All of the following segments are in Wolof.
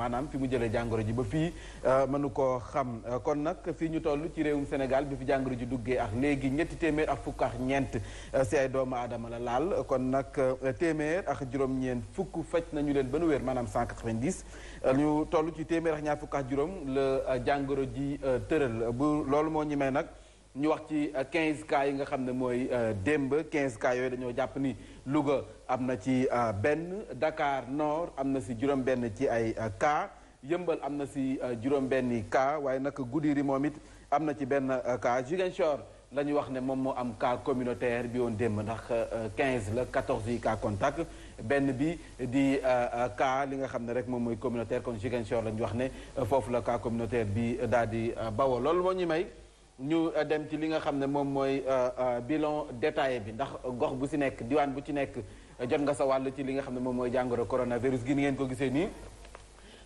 maanaam fi mu jëlee jàngoro ji ba fii euh, mënu koo xam euh, kon nag fii ñu toll ci réewum Sénégal bi fi jàngoro ji duggee ak léegi ñetti téeméer ak fukk ak ñeent euh, si ay doomu aadama la laal kon nag téeméer ak juróom-ñeent fukk faj nañu leen ba nu wér maanaam 190 ñu tollu ci téeméer ak ñaar fukk ak juróom la jàngoro ji tëral bu loolu moo ñu may nag ñu wax ci 15 euh, cas yi nga xam ne mooy euh, démb quinze cas yooyu dañoo jàpp ni Louga am na ci euh, benn dakaar Nord am na si juróom-benn ci ay cas yëmbal am na si juróom benn cas waaye nag Goudiri moom it am na ci benn cas Ziguinchor la ñu wax ne moom moo am cas communautaire bi woon démb ndax quinze la 14 yi cas contact benn bi di cas li nga xam ne rek moom mooy communautaire kon Ziguinchor la ñu wax ne foofu la cas communautaire bi daal di bawoo loolu moo ñu may. ñu euh, dem ci li nga xam ne moom mooy euh, euh, bilan détaillé bi ndax gox bu ci nekk diwaan bu ci nekk jot nga sa wàll ci li nga xam ne moom mooy jàngoro coronavirus gi ni ngeen ko gisee nii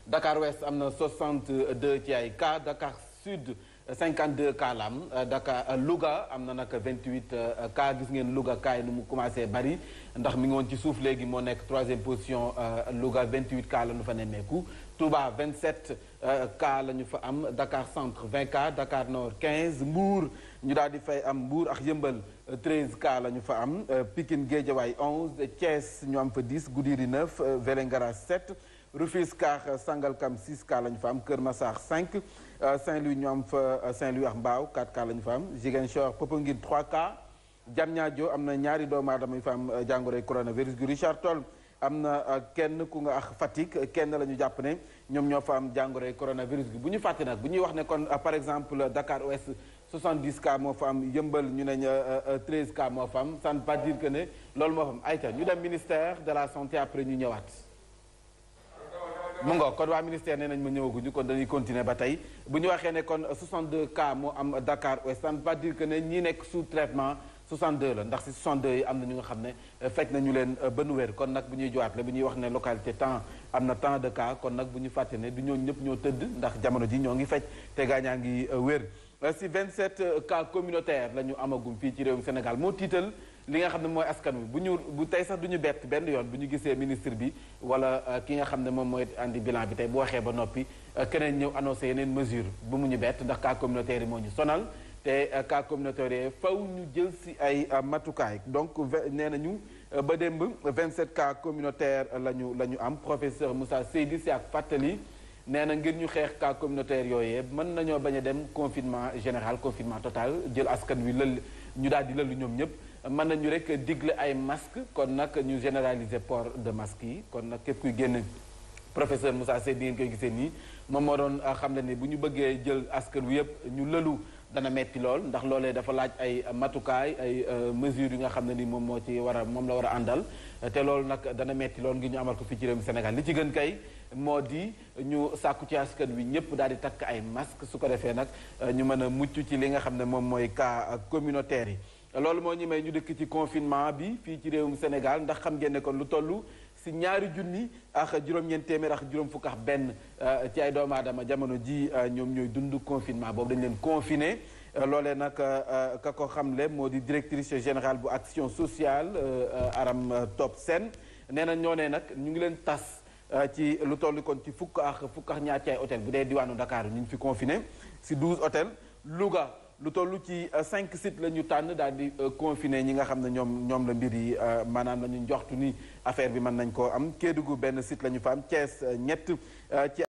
Dakar Ouest am na deux ci ay cas Dakar Sud. 52 deux la am euh, Dakar euh, Louga am na nag 28 euh, cas gis ngeen Louga cas yi nu mu commencé bari ndax mi ngi woon ci suuf léegi moo nekk troisième position Louga 28 cas la nu fa nemmeeku Touba 27 cas la ñu fa am Dakar centre 20 cas Dakar nord 15 Mbour ñu daal di fay am mbuur ak Yëmbal 13 cas la ñu fa am Pikine Guédiawaye 11 Thiès ñu am fa 10 Goudiri 9 Vélingara 7. Rufisque Sangalkam 6 cas lañ fa am Kër Massar 5 euh, Saint-Louis ñu am fa euh, Saint-Louis ak Mbao 4 cas lañ fa am Ziguinchor Popenguine 3 cas Diamniadio am na ñaari doomu aadama yu fa am euh, jàngoroy coronavirus gi Richard Toll am na kenn ku nga ak Fatick kenn la ñu jàpp ne ñoom ñoo fa am jàngoroy coronavirus bi bu ñu fàtte nag bu ñuy wax ne kon par exemple Dakar Ouest 70 cas moo fa am yëmbal ñu ne 13 cas moo fa am ça pas dire que ne loolu moo fa am ayta ñu dem ministère de la après ñu ñëwaat. mu kon waa ministère nee nañ ma ñëwaguñu kon dañuy continuer ba tey bu ñu waxee ne kon 62 cas moo am Dakar Ouest ça ne pas dire que ne ñi nekk sous traitement 62 la ndax si 62 yi am na ñu nga xam ne euh, fekk nañu leen euh, benn weer kon nag bu ñuy jowaat bu ñuy wax ne localité temps am na temps de cas kon nag bu ñu fàtte ne du ñoo ñëpp ñoo tëdd ndax jamono ji ñoo ngi fecc te ñaa ngi euh, wér si 27 cas communautaire la ñu amagum fii ci réewum Sénégal moo tiital li nga xam ne mooy askan wi bu ñu bu tey sax du ñu bett benn yoon bu ñu gisee ministre bi wala euh, ki nga xam ne moom mooy andi bilan bi tey bu waxee ba noppi euh, keneen ñëw annoncé yeneen mesure bu mu ñu bett ndax kaa communautaire yi moo ñu sonal te kaa euh, communautaire yi faw ñu jël si ay matukaay donc nee nañu ba démb 27 cas communautaire la ñu la ñu am professeur Moussa Seydi si ak fàttali nee na ngir ñu xeex cas communautaire yooyee mën nañoo bañ a dem confinement général confinement total jël askan wi lël ñu daal di lëlu ñoom ñëpp mën nañu rek digle ay masque kon nag ñu généraliser port de masque yi kon nag képp kuy génn professeur Moussa Seydi ngeen koy gisee nii moom moo doon xam ne ni bu ñu bëggee jël askan wi yëpp ñu lëlu dana metti lool ndax loolee dafa laaj ay matukaay ay euh, mesures yi nga xam ne ni moom moo ci war a moom la war a àndal te loolu nag dana metti lool ngi ñu ko fii ci réew Sénégal li ci gën moo di ñu sàkku ci askan wi ñëpp daal di takk ay masque su ko defee nag euh, ñu mën a mucc ci li nga xam ne moom mooy kaa communautaire yi loolu moo ñi may ñu dëkk ci confinement bi fii ci réewum Sénégal ndax xam ngeen ne kon lu toll si ñaari junni ak juróom-ñeent téeméer ak juróom fukk ak benn euh, ci ay doomu aadama jamono ji euh, ñoom ñooy dund confinement boobu dañ leen confiné euh, loolee nag ka ko xamle moo di directrice générale bu action sociale Aram Top Sen nee na ñoo ne nag ñu ngi leen tas ci lu toll kon ci fukk ak fukk ak ñaar ci ay hôtel bu dee diwaanu Dakar ñu ngi fi confiné si douze hôtel Louga lu toll ci euh, cinq sites la ñu tànn daal di euh, confiné ñi nga xam ne ñoom ñoom la mbir yi euh, maanaam la ñu njoxtu ni affaire bi mën nañ koo am gu benn site la ñu fa am Thiès ñett ci